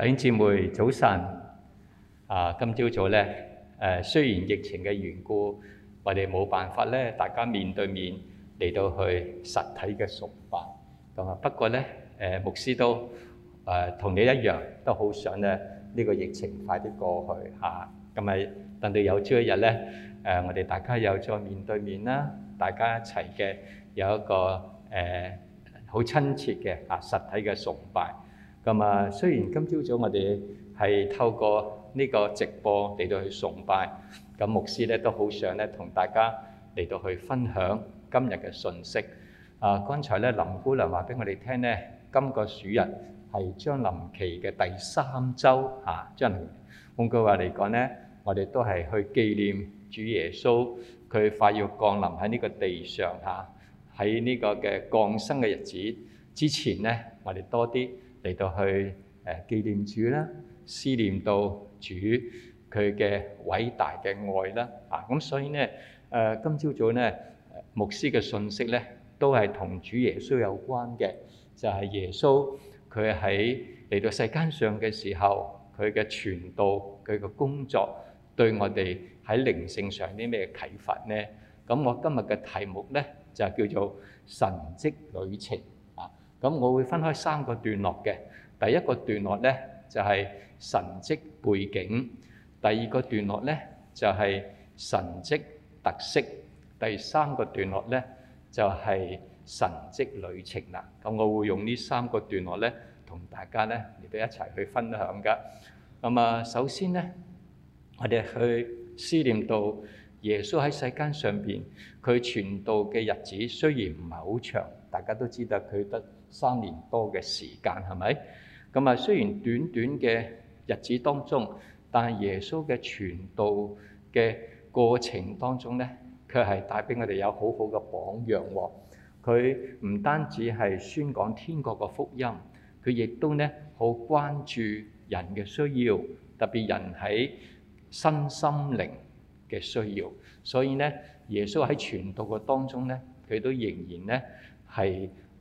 弟兄姊妹，早晨！啊，今朝早咧，誒，雖然疫情嘅緣故，我哋冇辦法咧，大家面對面嚟到去實體嘅崇拜咁啊。不過咧，誒，牧師都誒同你一樣，都好想咧呢個疫情快啲過去嚇，咁啊等到有朝一日咧，誒，我哋大家又再面對面啦，大家一齊嘅有一個誒好親切嘅啊實體嘅崇拜。咁啊！雖然今朝早我哋係透過呢個直播嚟到去崇拜，咁牧師咧都好想咧同大家嚟到去分享今日嘅信息。啊，剛才咧林姑娘話俾我哋聽咧，今個主日係將臨期嘅第三週嚇，將臨期，換句話嚟講咧，我哋都係去紀念主耶穌佢快要降臨喺呢個地上嚇，喺呢個嘅降生嘅日子之前咧，我哋多啲嚟到去誒紀念主啦，思念到主佢嘅偉大嘅愛啦，啊咁所以咧誒今朝早咧牧師嘅信息咧都係同主耶穌有關嘅，就係耶穌佢喺嚟到世間上嘅時候，佢嘅傳道、佢嘅工作對我哋喺靈性上啲咩啟發咧？咁我今日嘅題目咧就叫做神蹟旅程。咁我會分開三個段落嘅，第一個段落呢就係神蹟背景，第二個段落呢就係神蹟特色，第三個段落呢就係神蹟旅程啦。咁我會用呢三個段落呢，同大家呢嚟到一齊去分享㗎。咁啊，首先呢，我哋去思念到耶穌喺世間上邊，佢傳道嘅日子雖然唔係好長，大家都知道佢得。三年多嘅時間係咪？咁啊，雖然短短嘅日子當中，但係耶穌嘅傳道嘅過程當中呢，佢係帶俾我哋有好好嘅榜樣。佢唔單止係宣講天國嘅福音，佢亦都呢好關注人嘅需要，特別人喺身心靈嘅需要。所以呢，耶穌喺傳道嘅當中呢，佢都仍然呢係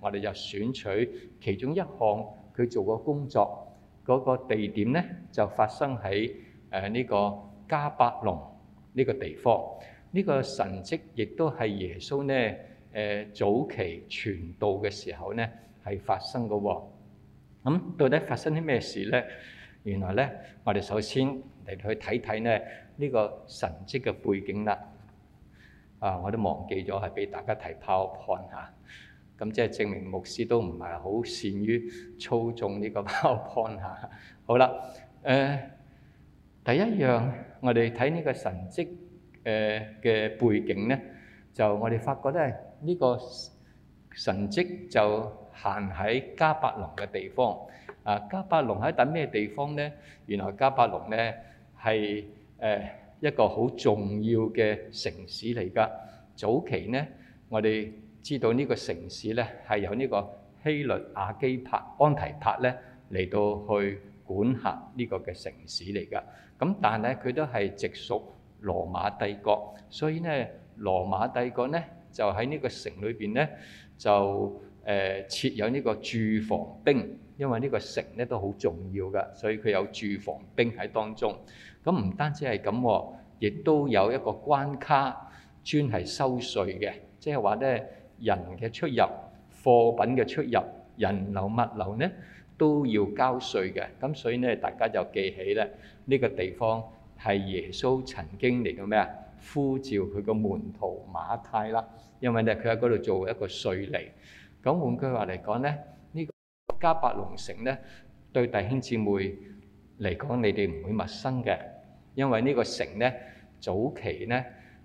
我哋就選取其中一項佢做個工作嗰個地點咧，就發生喺誒呢個迦百農呢個地方。呢個神蹟亦都係耶穌咧誒早期傳道嘅時候咧係發生嘅喎。咁到底發生啲咩事咧？原來咧，我哋首先嚟去睇睇咧呢個神蹟嘅背景啦。啊，我都忘記咗係俾大家睇 PowerPoint 嚇。咁即係證明牧師都唔係好善於操縱呢個 PowerPoint 吓。好啦，誒第一樣，我哋睇呢個神蹟誒嘅背景咧，就我哋發覺咧，呢個神蹟就行喺迦百農嘅地方。啊，迦百農喺等咩地方咧？原來迦百農咧係誒一個好重要嘅城市嚟㗎。早期咧，我哋知道呢個城市呢係由呢個希律亞基帕安提帕呢嚟到去管轄呢個嘅城市嚟噶，咁但係佢都係直屬羅馬帝國，所以呢羅馬帝國呢就喺呢個城裏邊呢就誒設有呢個駐防兵，因為呢個城呢都好重要噶，所以佢有駐防兵喺當中。咁唔單止係咁喎，亦都有一個關卡專係收稅嘅，即係話呢。人嘅出入、貨品嘅出入、人流物流咧都要交稅嘅，咁所以咧大家就記起咧，呢個地方係耶穌曾經嚟到咩啊？呼召佢個門徒馬太啦，因為咧佢喺嗰度做一個稅吏。咁換句話嚟講咧，呢個迦百農城咧對弟兄姊妹嚟講，你哋唔會陌生嘅，因為呢個城咧早期咧。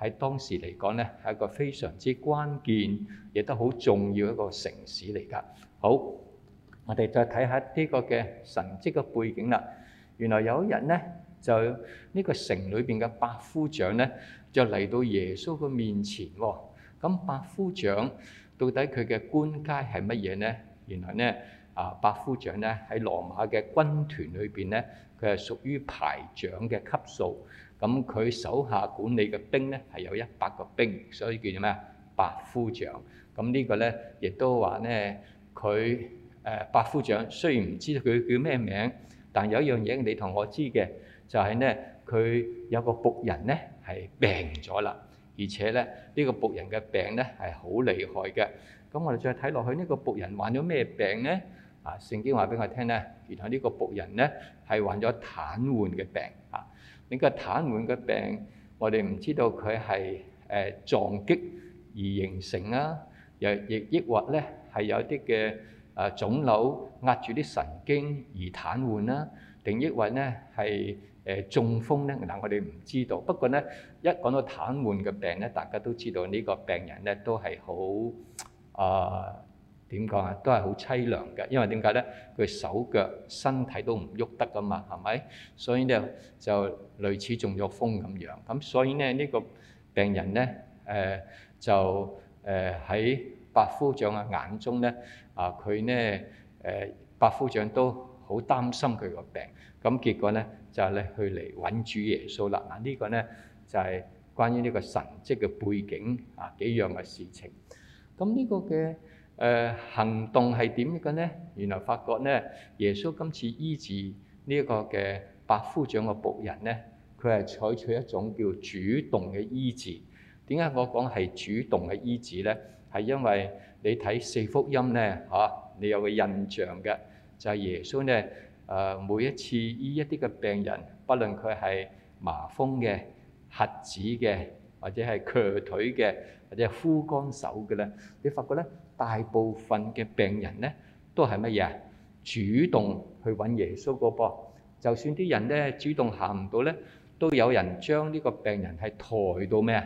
喺當時嚟講呢，係一個非常之關鍵，亦都好重要一個城市嚟㗎。好，我哋再睇下呢個嘅神蹟嘅背景啦。原來有一日呢，就呢個城裏邊嘅百夫長呢，就嚟到耶穌嘅面前喎。咁百夫長到底佢嘅官階係乜嘢呢？原來呢啊，百夫長呢喺羅馬嘅軍團裏邊呢，佢係屬於排長嘅級數。咁佢手下管理嘅兵咧，係有一百個兵，所以叫做咩啊？百夫長。咁呢個咧亦都話咧，佢誒百夫長雖然唔知道佢叫咩名，但有一樣嘢你同我知嘅就係咧，佢有個僕人咧係病咗啦，而且咧呢個僕人嘅病咧係好厲害嘅。咁我哋再睇落去，呢個僕人患咗咩病咧？啊，聖經話俾我聽咧，原來呢個僕人咧係患咗癱瘓嘅病。呢個癱瘓嘅病，我哋唔知道佢係誒撞擊而形成啊，又亦抑或咧係有啲嘅誒腫瘤壓住啲神經而癱瘓啦，定抑或咧係誒中風咧？嗱，我哋唔知道。不過咧，一講到癱瘓嘅病咧，大家都知道呢個病人咧都係好啊。點講啊？都係好淒涼嘅，因為點解咧？佢手腳身體都唔喐得噶嘛，係咪？所以咧就類似中咗風咁樣。咁所以呢，呢、這個病人咧，誒、呃、就誒喺百夫長嘅眼中咧，啊、呃、佢呢，誒百夫長都好擔心佢個病。咁結果咧就咧去嚟揾主耶穌啦。啊、這個、呢個咧就係、是、關於呢個神蹟嘅背景啊幾樣嘅事情。咁呢個嘅。誒、呃、行動係點嘅呢？原來發覺呢，耶穌今次醫治呢一個嘅百夫長嘅僕人呢，佢係採取一種叫主動嘅醫治。點解我講係主動嘅醫治呢？係因為你睇四福音呢，嚇、啊，你有個印象嘅就係、是、耶穌呢，誒、呃，每一次醫一啲嘅病人，不論佢係麻風嘅、核子嘅，或者係瘸腿嘅，或者係枯乾手嘅呢，你發覺呢。大部分嘅病人呢，都係乜嘢啊？主動去揾耶穌個噃。就算啲人呢，主動行唔到呢，都有人將呢個病人係抬到咩啊？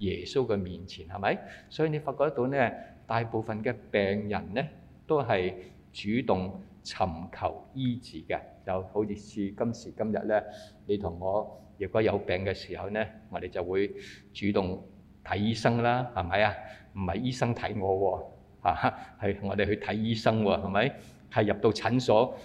耶穌嘅面前係咪？所以你發覺得到呢，大部分嘅病人呢，都係主動尋求醫治嘅，就好似今時今日呢，你同我如果有病嘅時候呢，我哋就會主動睇醫生啦。係咪啊？唔係醫生睇我喎。嚇！係、啊、我哋去睇醫生喎，係咪？係入到診所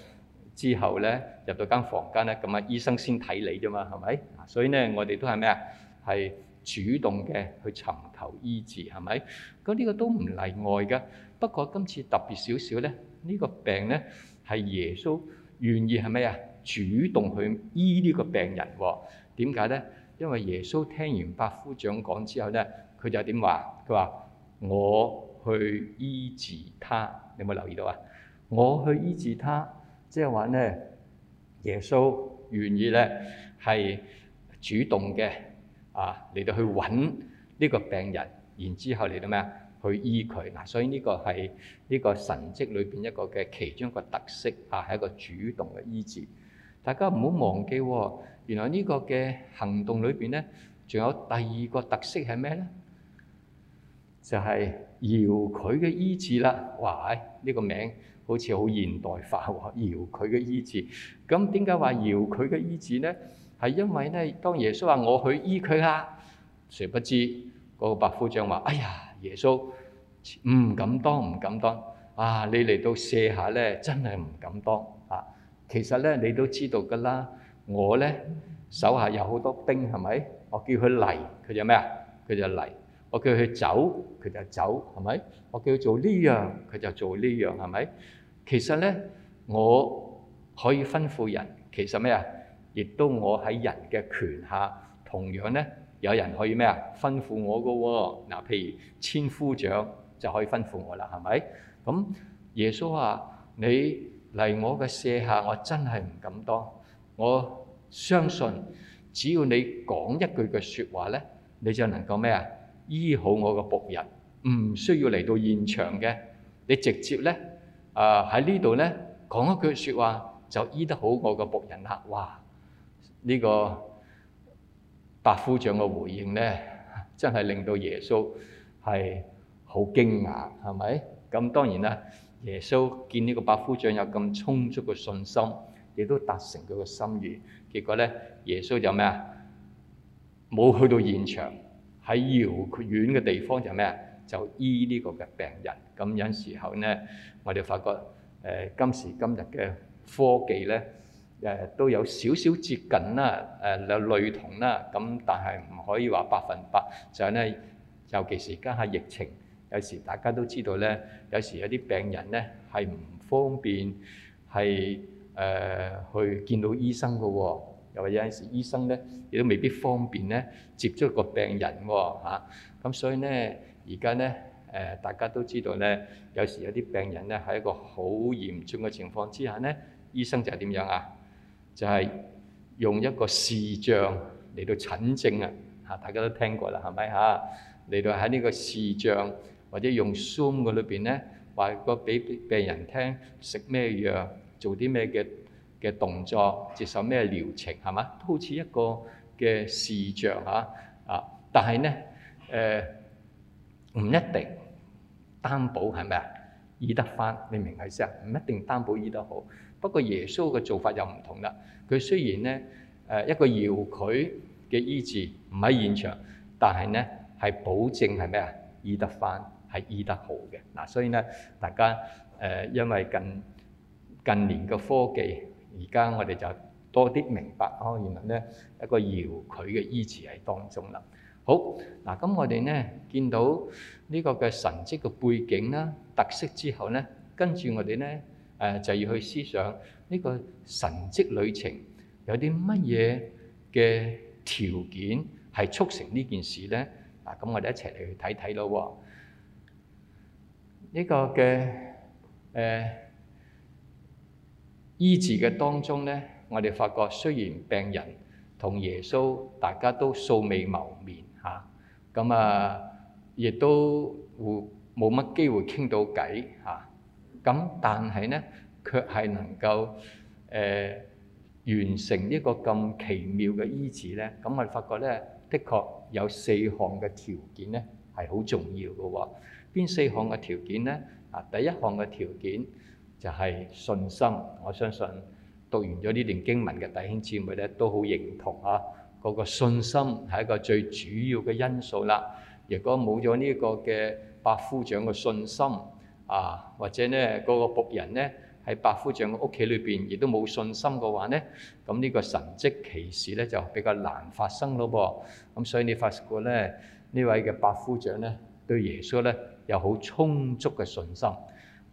之後呢，入到間房間呢，咁啊醫生先睇你啫嘛，係咪？所以呢，我哋都係咩啊？係主動嘅去尋求醫治，係咪？咁呢個都唔例外㗎。不過今次特別少少呢，呢、呢個病呢，係耶穌願意係咩啊？主動去醫呢個病人喎？點解呢？因為耶穌聽完百夫長講之後呢，佢就點話？佢話我。去醫治他，你有冇留意到啊？我去醫治他，即係話咧，耶穌願意咧，係主動嘅啊嚟到去揾呢個病人，然之後嚟到咩啊？去醫佢嗱，啊，所以呢個係呢個神蹟裏邊一個嘅其中一個特色啊，係一個主動嘅醫治。大家唔好忘記，哦，原來呢個嘅行動裏邊咧，仲有第二個特色係咩咧？就係，是。遙距醫治啦，哇！呢個名好似好現代化喎。遙距醫治，咁點解話遙距醫治呢？係因為咧，當耶穌話我去醫佢啦、啊，誰不知嗰個百夫長話：哎呀，耶穌，唔敢當，唔敢當。啊，你嚟到舍下呢，真係唔敢當啊！其實呢，你都知道㗎啦。我呢，手下有好多兵，係咪？我叫佢嚟，佢就咩啊？佢就嚟。我叫佢走，佢就走，係咪？我叫佢做呢樣，佢就做呢樣，係咪？其實咧，我可以吩咐人，其實咩啊？亦都我喺人嘅權下，同樣咧，有人可以咩啊？吩咐我噶喎。嗱，譬如千夫長就可以吩咐我啦，係咪？咁耶穌話：你嚟我嘅舍下，我真係唔敢當。我相信只要你講一句嘅説話咧，你就能夠咩啊？醫好我個僕人，唔需要嚟到現場嘅，你直接咧啊喺呢度咧講一句説話，就醫得好我個僕人啦！哇，呢個百夫長嘅回應咧，真係令到耶穌係好驚訝，係咪？咁當然啦，耶穌見呢個百夫長有咁充足嘅信心，亦都達成佢嘅心願。結果咧，耶穌就咩啊？冇去到現場。喺遙遠嘅地方就咩啊？就醫呢個嘅病人，咁有時候呢，我哋發覺誒、呃、今時今日嘅科技呢，誒、呃、都有少少接近啦，誒有類同啦，咁但係唔可以話百分百就係呢，尤其是而家係疫情，有時大家都知道呢，有時有啲病人呢係唔方便係誒、呃、去見到醫生㗎喎、哦。又或者有陣時醫生咧，亦都未必方便咧接觸個病人喎嚇。咁所以咧，而家咧誒，大家都知道咧，有時有啲病人咧喺一個好嚴重嘅情況之下咧，醫生就係點樣啊？就係用一個視像嚟到診症啊嚇！大家都聽過啦，係咪嚇？嚟到喺呢個視像或者用 Zoom 嘅裏邊咧，話個俾病人聽食咩藥，做啲咩嘅。嘅動作接受咩療程係嘛，都好似一個嘅視像嚇啊！但係咧誒，唔、呃、一定擔保係咩啊？醫得翻你明嘅先，唔一定擔保醫得好。不過耶穌嘅做法又唔同啦，佢雖然咧誒、呃、一個搖佢嘅醫治唔喺現場，但係咧係保證係咩啊？醫得翻係醫得好嘅嗱、啊，所以咧大家誒、呃，因為近近年嘅科技，而家我哋就多啲明白，哦，原來呢一個搖佢嘅意詞喺當中啦。好，嗱，咁我哋呢見到呢個嘅神蹟嘅背景啦、特色之後呢，跟住我哋呢誒就要去思想呢個神蹟旅程有啲乜嘢嘅條件係促成呢件事呢？嗱，咁我哋一齊嚟去睇睇咯。呢個嘅誒。醫治嘅當中咧，我哋發覺雖然病人同耶穌大家都素未謀面嚇，咁啊亦都會冇乜機會傾到偈嚇，咁但係咧卻係能夠誒完成呢個咁奇妙嘅醫治咧，咁我哋發覺咧，的確有四項嘅條件咧係好重要㗎喎。邊四項嘅條件咧？啊，第一項嘅條件。就係信心，我相信讀完咗呢段經文嘅弟兄姊妹咧，都好認同啊！嗰個信心係一個最主要嘅因素啦。如果冇咗呢個嘅百夫長嘅信心啊，或者呢嗰個僕人呢喺百夫長嘅屋企裏邊亦都冇信心嘅話呢，咁呢個神蹟奇事呢就比較難發生咯噃。咁所以你發覺咧呢位嘅百夫長呢，對耶穌呢，有好充足嘅信心。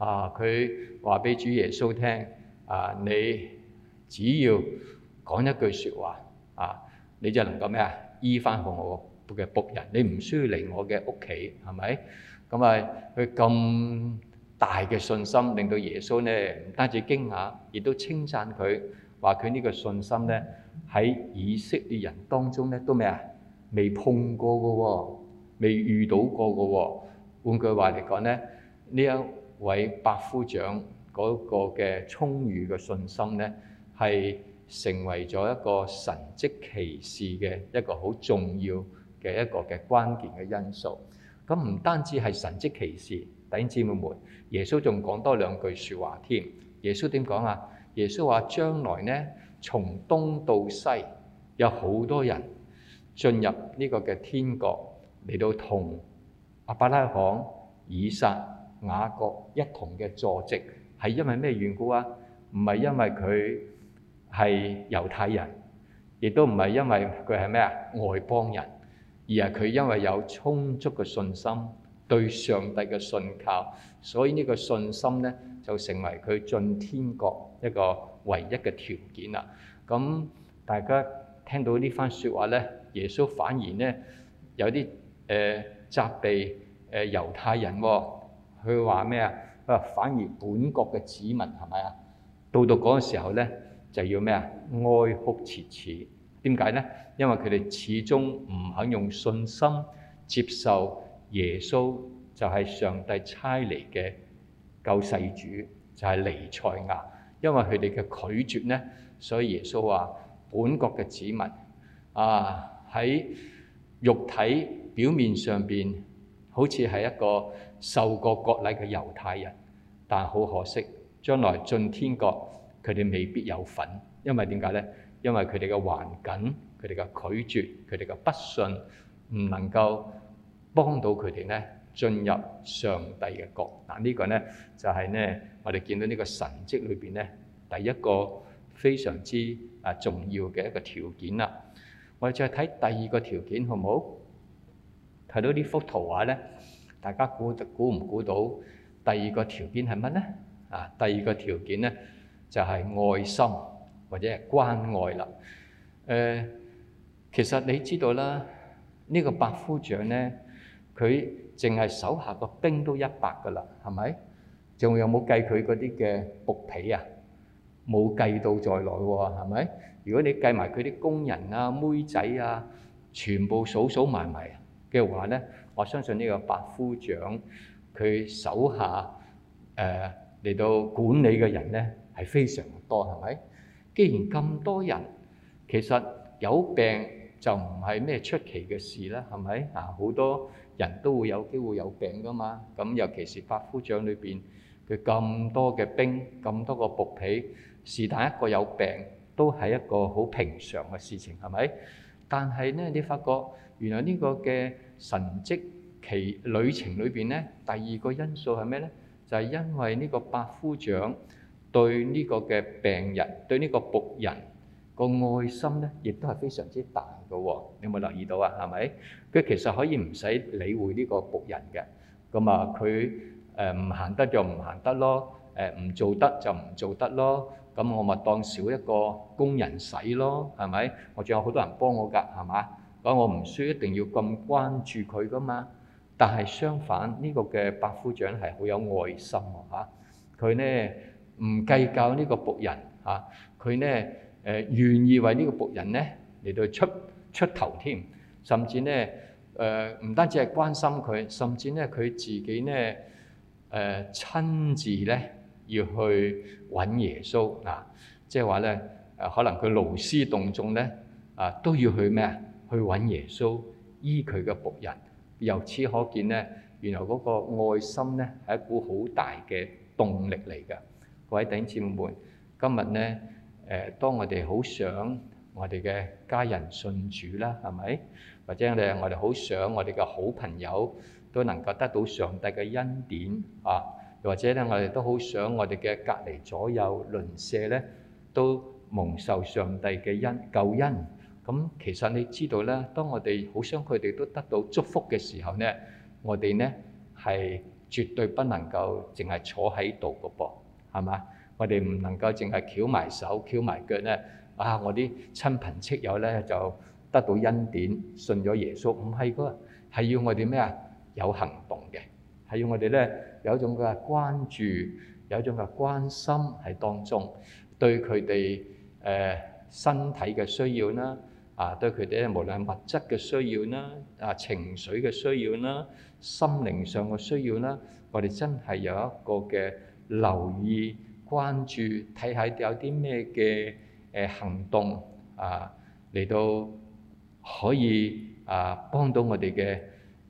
啊！佢話俾主耶穌聽：啊，你只要講一句説話啊，你就能夠咩啊？醫翻好我嘅僕人，你唔需要嚟我嘅屋企，係咪？咁、嗯、啊，佢咁大嘅信心，令到耶穌呢唔單止驚訝，亦都稱讚佢，話佢呢個信心呢，喺以色列人當中呢都咩啊？未碰過嘅喎、哦，未遇到過嘅喎、哦。換句話嚟講呢。你有。位百夫長嗰個嘅充裕嘅信心呢，係成為咗一個神蹟奇事嘅一個好重要嘅一個嘅關鍵嘅因素。咁唔單止係神蹟奇事，弟兄姊妹們，耶穌仲講多兩句説話添。耶穌點講啊？耶穌話：將來呢，從東到西有好多人進入呢個嘅天國嚟到同亞伯拉罕、以撒。雅各一同嘅坐席，係因為咩緣故啊？唔係因為佢係猶太人，亦都唔係因為佢係咩啊外邦人，而係佢因為有充足嘅信心對上帝嘅信靠，所以呢個信心呢就成為佢進天國一個唯一嘅條件啦。咁大家聽到呢番説話呢，耶穌反而呢有啲誒責備誒猶太人喎。佢話咩啊？啊，反而本國嘅子民係咪啊？到到嗰個時候咧，就要咩啊？哀哭切齒。點解咧？因為佢哋始終唔肯用信心接受耶穌就係上帝差嚟嘅救世主，就係彌賽亞。因為佢哋嘅拒絕咧，所以耶穌話：本國嘅子民啊，喺肉體表面上邊。好似係一個受過國禮嘅猶太人，但係好可惜，將來進天國佢哋未必有份，因為點解呢？因為佢哋嘅環境、佢哋嘅拒絕、佢哋嘅不信，唔能夠幫到佢哋呢進入上帝嘅國。但係呢個呢就係呢我哋見到呢個神蹟裏邊呢第一個非常之啊重要嘅一個條件啦。我哋再睇第二個條件，好唔好？睇到呢幅圖畫呢，大家估估唔估到第二個條件係乜呢？啊，第二個條件呢就係愛心或者係關愛啦。誒，其實你知道啦，呢個百夫長呢，佢淨係手下個兵都一百㗎啦，係咪？仲有冇計佢嗰啲嘅僕婢啊？冇計到在內喎，係咪？如果你計埋佢啲工人啊、妹仔啊，全部數數埋埋，嘅話呢，我相信呢個百夫長佢手下誒嚟到管理嘅人呢，係非常多，係咪？既然咁多人，其實有病就唔係咩出奇嘅事啦，係咪？啊，好多人都會有機會有病㗎嘛。咁尤其是百夫長裏邊佢咁多嘅兵，咁多個僕婢，是但一個有病都係一個好平常嘅事情，係咪？但係呢，你發覺，原來呢個嘅神蹟奇旅程裏邊呢，第二個因素係咩呢？就係因為呢個百夫長對呢個嘅病人，對呢個僕人個愛心呢，亦都係非常之大嘅。你有冇留意到啊？係咪？佢其實可以唔使理會呢個僕人嘅。咁啊，佢誒唔行得就唔行得咯，誒唔做得就唔做得咯。咁我咪當少一個工人使咯，係咪？我仲有好多人幫我㗎，係咪？咁我唔需一定要咁關注佢噶嘛。但係相反，呢個嘅百夫長係好有愛心嚇。佢呢唔計較呢個僕人嚇，佢呢誒願意為呢個僕人呢嚟到出出頭添，甚至呢誒唔單止係關心佢，甚至呢佢自己呢誒親自呢要去揾耶穌嗱，即係話呢誒可能佢勞師動眾呢啊都要去咩啊？去揾耶穌醫佢嘅僕人，由此可見呢，原來嗰個愛心呢係一股好大嘅動力嚟㗎。各位弟兄姊妹，今日呢誒，當我哋好想我哋嘅家人信主啦，係咪？或者咧，我哋好想我哋嘅好朋友都能夠得到上帝嘅恩典啊！又或者呢，我哋都好想我哋嘅隔離左右鄰舍呢，都蒙受上帝嘅恩救恩。咁其實你知道咧，當我哋好想佢哋都得到祝福嘅時候咧，我哋咧係絕對不能夠淨係坐喺度嘅噃，係嘛？我哋唔能夠淨係翹埋手、翹埋腳咧。啊，我啲親朋戚友咧就得到恩典，信咗耶穌，唔係個係要我哋咩啊？有行動嘅，係要我哋咧有一種嘅關注，有一種嘅關心喺當中，對佢哋誒身體嘅需要啦。啊，對佢哋無論係物質嘅需要啦，啊情緒嘅需要啦，心靈上嘅需要啦，我哋真係有一個嘅留意、關注，睇下有啲咩嘅誒行動啊嚟到可以啊幫到我哋嘅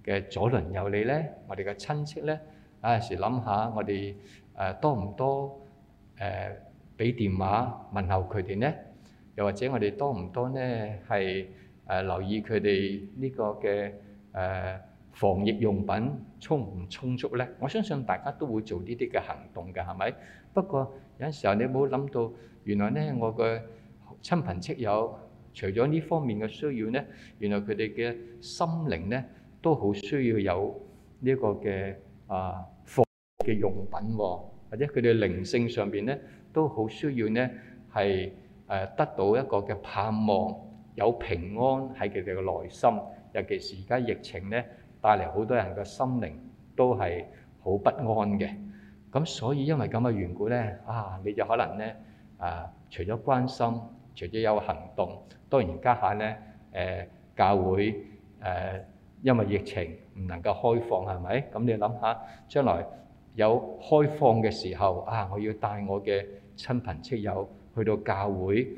嘅左鄰右里呢，我哋嘅親戚呢，有陣時諗下我哋誒多唔多誒俾電話問候佢哋呢？又或者我哋多唔多咧？係誒留意佢哋呢個嘅誒防疫用品充唔充足咧？我相信大家都會做呢啲嘅行動嘅，係咪？不過有時候你冇諗到，原來咧我嘅親朋戚友，除咗呢方面嘅需要咧，原來佢哋嘅心靈咧都好需要有呢個嘅啊防疫嘅用品，或者佢哋靈性上面咧都好需要咧係。誒得到一個嘅盼望，有平安喺佢哋嘅內心。尤其是而家疫情咧，帶嚟好多人嘅心靈都係好不安嘅。咁所以因為咁嘅緣故咧，啊，你就可能咧啊，除咗關心，除咗有行動，當然家下咧誒，教會誒，因為疫情唔能夠開放，係咪？咁你諗下，將來有開放嘅時候，啊，我要帶我嘅親朋戚友。去到教會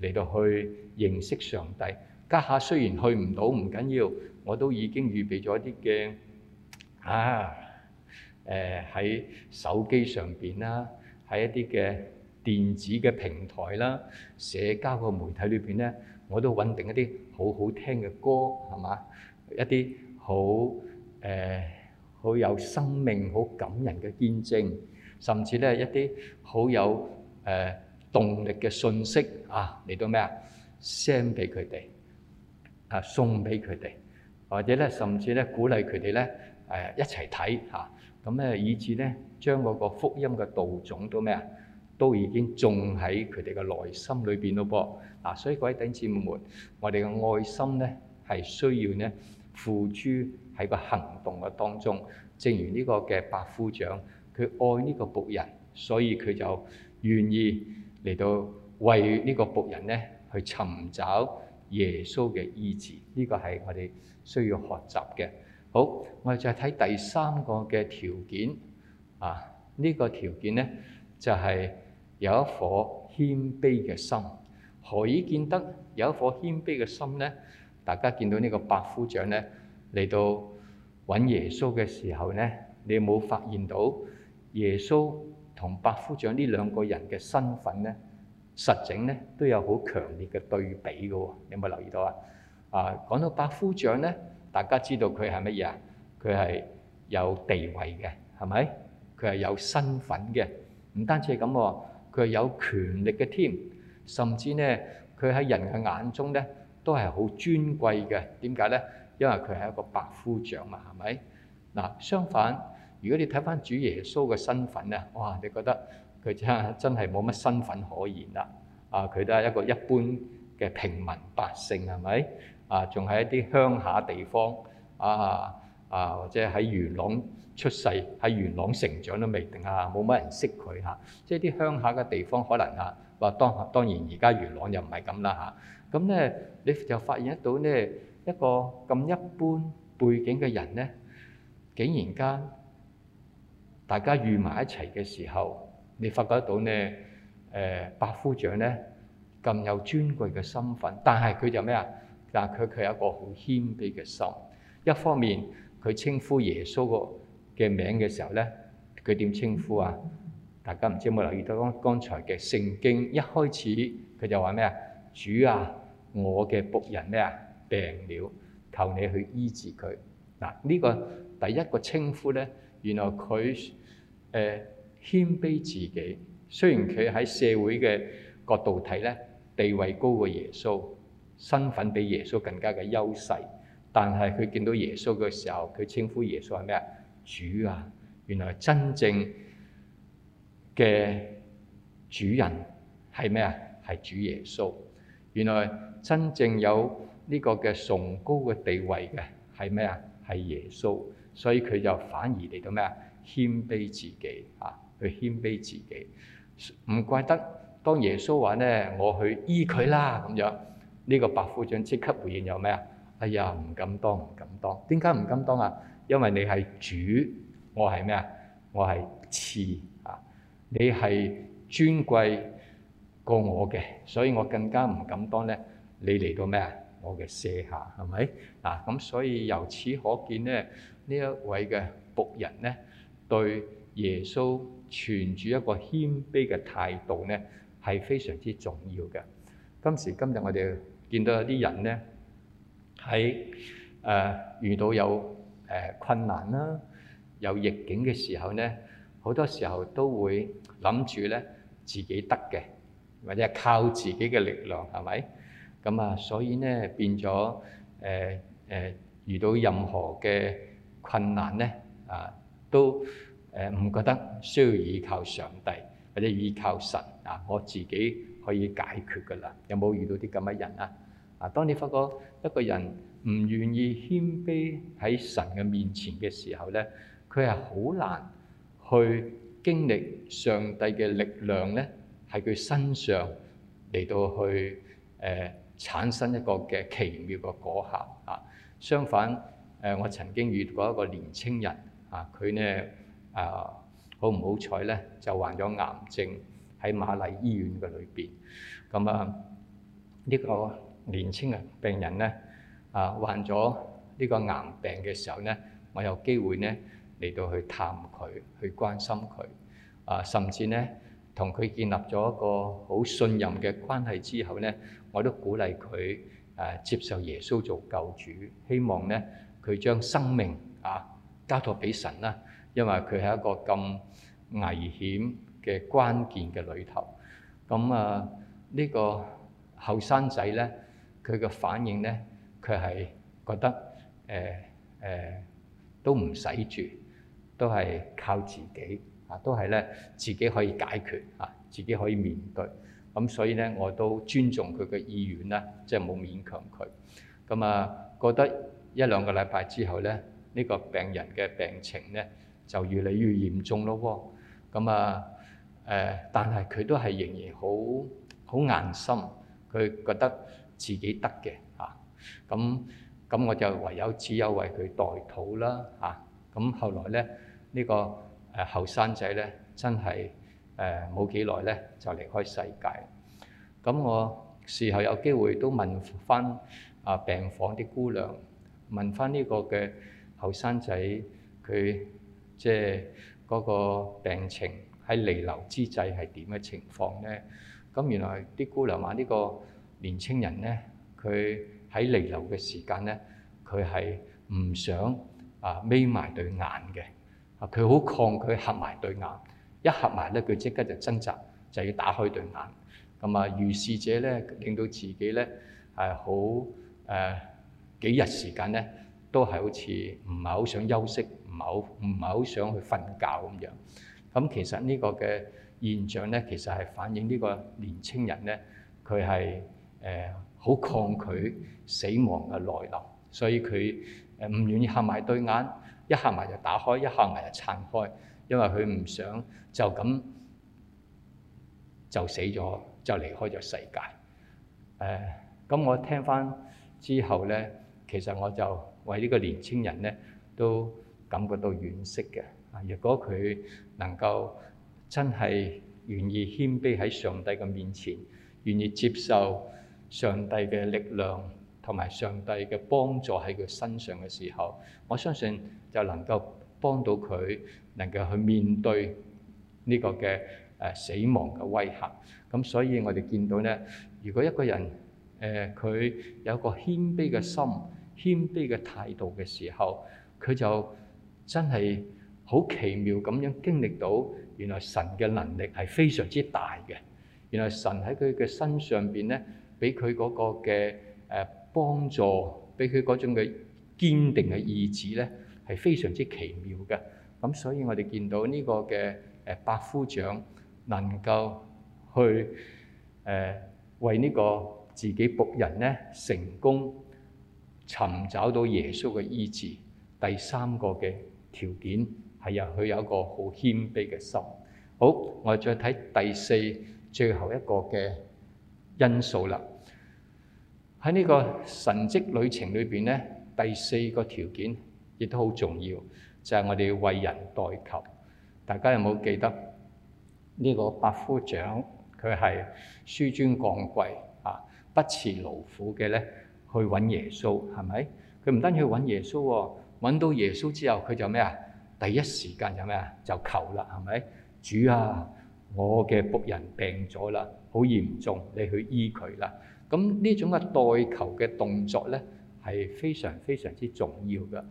嚟到去認識上帝。家下雖然去唔到，唔緊要，我都已經預備咗一啲嘅啊，誒喺手機上邊啦，喺一啲嘅電子嘅平台啦、社交嘅媒體裏邊咧，我都揾定一啲好好聽嘅歌，係嘛？一啲好誒好有生命、好感人嘅見證，甚至咧一啲好有誒，動力嘅信息啊，嚟到咩啊？send 俾佢哋啊，送俾佢哋，或者咧甚至咧鼓勵佢哋咧誒一齊睇吓，咁咧以至咧將嗰個福音嘅道種到咩啊？都已經種喺佢哋嘅內心裏邊咯噃。嗱，所以各位弟兄姊妹，我哋嘅愛心咧係需要咧付諸喺個行動嘅當中，正如呢個嘅百夫長，佢愛呢個僕人，所以佢就願意。嚟到為呢個僕人呢去尋找耶穌嘅意志，呢個係我哋需要學習嘅。好，我哋再睇第三個嘅條件啊，呢個條件呢就係有一顆謙卑嘅心。何以見得有一顆謙卑嘅心呢？大家見到呢個百夫長呢嚟到揾耶穌嘅時候呢，你有冇發現到耶穌？同百夫長呢兩個人嘅身份呢，實整呢都有好強烈嘅對比嘅喎，有冇留意到啊？啊，講到百夫長呢，大家知道佢係乜嘢啊？佢係有地位嘅，係咪？佢係有身份嘅，唔單止係咁喎，佢係有權力嘅添，甚至呢佢喺人嘅眼中呢都係好尊貴嘅。點解呢？因為佢係一個百夫長嘛，係咪？嗱，相反。如果你睇翻主耶穌嘅身份咧，哇！你覺得佢真真係冇乜身份可言啦。啊，佢都係一個一般嘅平民百姓，係咪啊？仲喺一啲鄉下地方啊啊，或者喺元朗出世，喺元朗成長都未定啊，冇乜人識佢吓。即係啲鄉下嘅地方可能吓話，當當然而家元朗又唔係咁啦吓。咁咧你就發現得到咧一個咁一般背景嘅人咧，竟然間～大家遇埋一齊嘅時候，你發覺得到呢，誒百夫長呢咁有尊貴嘅身份，但係佢就咩啊？嗱，佢佢有一個好謙卑嘅心。一方面佢稱呼耶穌個嘅名嘅時候呢，佢點稱呼啊？大家唔知有冇留意到剛剛才嘅聖經一開始佢就話咩啊？主啊，我嘅僕人咩啊病了，求你去醫治佢。嗱呢個第一個稱呼呢，原來佢。誒謙卑自己，雖然佢喺社會嘅角度睇呢，地位高過耶穌，身份比耶穌更加嘅優勢，但係佢見到耶穌嘅時候，佢稱呼耶穌係咩啊？主啊！原來真正嘅主人係咩啊？係主耶穌。原來真正有呢個嘅崇高嘅地位嘅係咩啊？係耶穌。所以佢就反而嚟到咩啊？謙卑自己嚇，去謙卑自己，唔、啊、怪得當耶穌話呢，我去醫佢啦咁樣。呢、呢個百夫長即刻回應有咩啊？哎呀，唔敢當，唔敢當。點解唔敢當啊？因為你係主，我係咩啊？我係次嚇，你係尊貴過我嘅，所以我更加唔敢當呢。你嚟到咩啊？我嘅舍下係咪啊？咁所以由此可見呢，呢一位嘅僕人呢。對耶穌存住一個謙卑嘅態度呢，係非常之重要嘅。今時今日，我哋見到有啲人呢，喺誒、呃、遇到有誒、呃、困難啦，有逆境嘅時候呢，好多時候都會諗住呢自己得嘅，或者係靠自己嘅力量，係咪咁啊？所以呢，變咗誒誒遇到任何嘅困難呢。啊！都誒唔覺得需要依靠上帝或者依靠神啊，我自己可以解決噶啦。有冇遇到啲咁嘅人啊？啊，當你發覺一個人唔願意謙卑喺神嘅面前嘅時候呢，佢係好難去經歷上帝嘅力量呢，喺佢身上嚟到去誒產生一個嘅奇妙嘅果效啊。相反誒，我曾經遇到過一個年輕人。啊！佢咧啊，好唔好彩咧？就患咗癌症喺瑪麗醫院嘅裏邊。咁啊，呢個年輕嘅病人咧啊，患咗呢個癌病嘅時候咧，我有機會咧嚟到去探佢，去關心佢啊，甚至咧同佢建立咗一個好信任嘅關係之後咧，我都鼓勵佢誒接受耶穌做救主，希望咧佢將生命啊～交託俾神啦，因為佢係一個咁危險嘅關鍵嘅裏頭。咁啊，呢個後生仔呢，佢嘅反應呢，佢係覺得誒誒、欸欸、都唔使住，都係靠自己啊，都係呢，自己可以解決啊，自己可以面對。咁所以呢，我都尊重佢嘅意願啦，即係冇勉強佢。咁啊，過得一兩個禮拜之後呢。呢個病人嘅病情呢，就越嚟越嚴重咯喎，咁啊、誒，但係佢都係仍然好好硬心，佢覺得自己得嘅嚇。咁、啊、咁我就唯有只有為佢代禱啦嚇。咁、啊、後來呢，呢、呢個誒後生仔呢，真係誒冇幾耐呢就離開世界，咁、啊、我事後有機會都問翻啊病房啲姑娘，問翻呢個嘅。後生仔佢即係嗰個病情喺彌留之際係點嘅情況咧？咁原來啲姑娘話呢個年青人咧，佢喺彌留嘅時間咧，佢係唔想啊眯埋對眼嘅，啊佢好抗拒合埋對眼，一合埋咧佢即刻就掙扎，就要打開對眼。咁啊如是者咧令到自己咧係好誒幾日時間咧。都係好似唔係好想休息，唔係好唔係好想去瞓覺咁樣。咁其實呢個嘅現象呢，其實係反映呢個年青人呢，佢係誒好抗拒死亡嘅來臨，所以佢誒唔願意合埋對眼，一合埋就打開，一合埋就撐開，因為佢唔想就咁就死咗，就離開咗世界。誒、呃、咁我聽翻之後呢，其實我就～為呢個年青人呢，都感覺到惋惜嘅。啊，如果佢能夠真係願意謙卑喺上帝嘅面前，願意接受上帝嘅力量同埋上帝嘅幫助喺佢身上嘅時候，我相信就能夠幫到佢能夠去面對呢個嘅誒死亡嘅威嚇。咁所以我哋見到呢，如果一個人誒佢、呃、有個謙卑嘅心，謙卑嘅態度嘅時候，佢就真係好奇妙咁樣經歷到，原來神嘅能力係非常之大嘅。原來神喺佢嘅身上邊呢，俾佢嗰個嘅誒幫助，俾佢嗰種嘅堅定嘅意志呢，係非常之奇妙嘅。咁所以，我哋見到呢個嘅誒百夫長能夠去誒為呢個自己僕人呢成功。尋找到耶穌嘅醫治，第三個嘅條件係入佢有一個好謙卑嘅心。好，我哋再睇第四最後一個嘅因素啦。喺呢個神蹟旅程裏邊呢，第四個條件亦都好重要，就係、是、我哋要為人代求。大家有冇記得呢、這個百夫長佢係紆尊降貴啊，不辭勞苦嘅呢。去揾耶穌係咪？佢唔單止去揾耶穌喎，揾到耶穌之後，佢就咩啊？第一時間就咩啊？就求啦，係咪？主啊，我嘅僕人病咗啦，好嚴重，你去醫佢啦。咁呢種嘅代求嘅動作呢，係非常非常之重要㗎。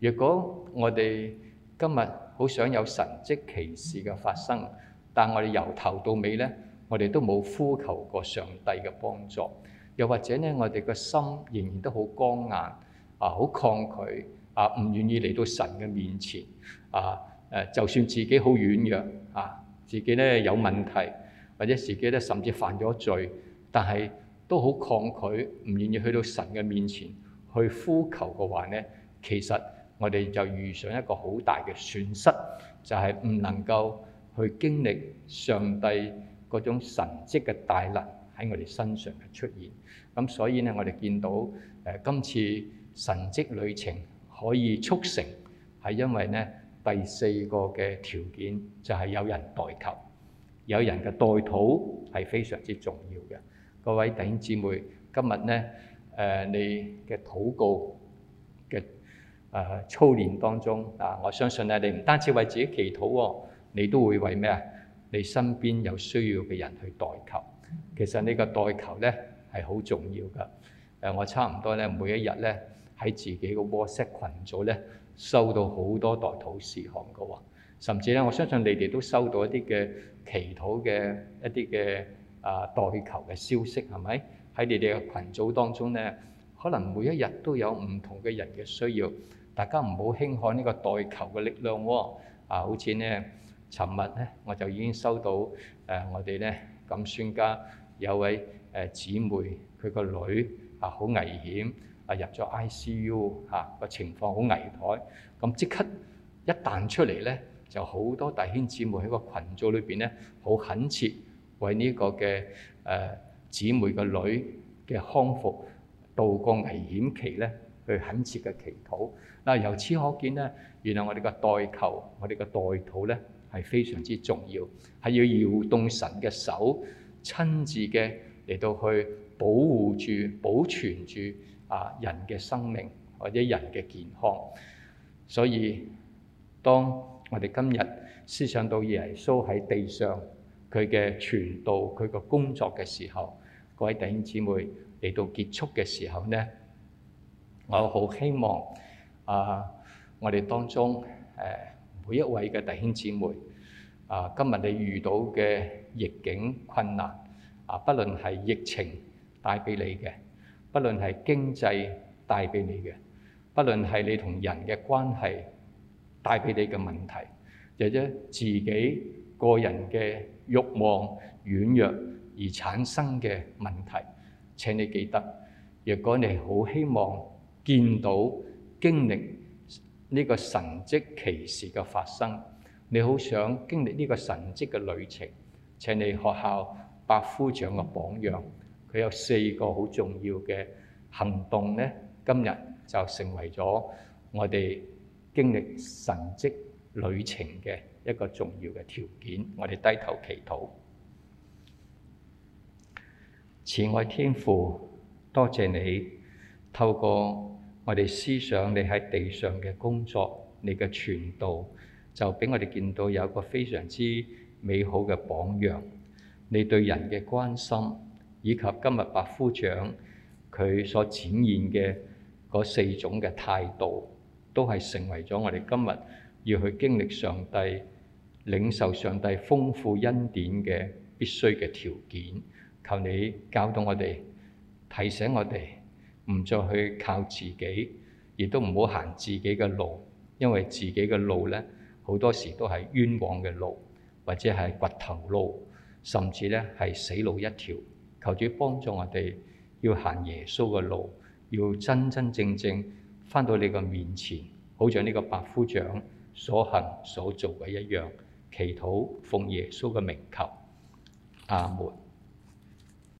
若果我哋今日好想有神蹟奇事嘅發生，但係我哋由頭到尾呢，我哋都冇呼求過上帝嘅幫助。又或者呢，我哋個心仍然都好剛硬，啊，好抗拒，啊，唔願意嚟到神嘅面前，啊，誒，就算自己好軟弱，啊，自己呢有問題，或者自己呢甚至犯咗罪，但係都好抗拒，唔願意去到神嘅面前去呼求嘅話呢，其實我哋就遇上一個好大嘅損失，就係唔能夠去經歷上帝嗰種神蹟嘅大能。喺我哋身上嘅出現，咁所以呢，我哋見到誒今次神蹟旅程可以促成，係因為呢第四個嘅條件就係有人代求，有人嘅代禱係非常之重要嘅。各位弟兄姊妹，今日呢誒你嘅禱告嘅誒操練當中啊，我相信咧你唔單止為自己祈禱喎，你都會為咩啊？你身邊有需要嘅人去代求。其實呢個代求呢係好重要噶，誒、呃、我差唔多呢每一日呢，喺自己個 WhatsApp 群組呢收到好多代禱事項噶喎，甚至呢，我相信你哋都收到一啲嘅祈禱嘅一啲嘅啊代求嘅消息係咪？喺你哋嘅群組當中呢，可能每一日都有唔同嘅人嘅需要，大家唔好輕看呢個代求嘅力量喎、哦，啊好似呢，尋日呢，我就已經收到誒、呃、我哋呢。咁孫家有位誒姊妹，佢個女啊好危險，入 U，啊入咗 I C U，啊個情況好危殆。咁、啊、即刻一旦出嚟呢，就好多弟兄姊妹喺個群組裏邊呢，好懇切為呢個嘅誒姊妹嘅女嘅康復渡過危險期呢，去懇切嘅祈禱。嗱、啊、由此可見呢，原來我哋嘅代求，我哋嘅代禱呢。係非常之重要，係要搖動神嘅手，親自嘅嚟到去保護住、保存住啊人嘅生命或者人嘅健康。所以當我哋今日思想到耶穌喺地上佢嘅傳道、佢嘅工作嘅時候，各位弟兄姊妹嚟到結束嘅時候呢，我好希望啊，我哋當中誒。每一位嘅弟兄姊妹，啊，今日你遇到嘅逆境困難，啊，不論係疫情帶俾你嘅，不論係經濟帶俾你嘅，不論係你同人嘅關係帶俾你嘅問題，或者自己個人嘅慾望軟弱而產生嘅問題，請你記得，若果你好希望見到經歷。呢個神蹟奇事嘅發生，你好想經歷呢個神蹟嘅旅程？請你學效百夫長嘅榜樣，佢有四個好重要嘅行動呢，今日就成為咗我哋經歷神蹟旅程嘅一個重要嘅條件。我哋低頭祈禱，慈愛天父，多謝你透過。我哋思想你喺地上嘅工作，你嘅傳道，就俾我哋見到有一個非常之美好嘅榜樣，你對人嘅關心，以及今日百夫長佢所展現嘅嗰四種嘅態度，都係成為咗我哋今日要去經歷上帝、領受上帝豐富恩典嘅必須嘅條件。求你教導我哋，提醒我哋。唔再去靠自己，亦都唔好行自己嘅路，因為自己嘅路咧好多時都係冤枉嘅路，或者係掘頭路，甚至咧係死路一條。求主幫助我哋要行耶穌嘅路，要真真正正翻到你嘅面前，好像呢個百夫長所行所做嘅一樣。祈禱奉耶穌嘅名求，阿門。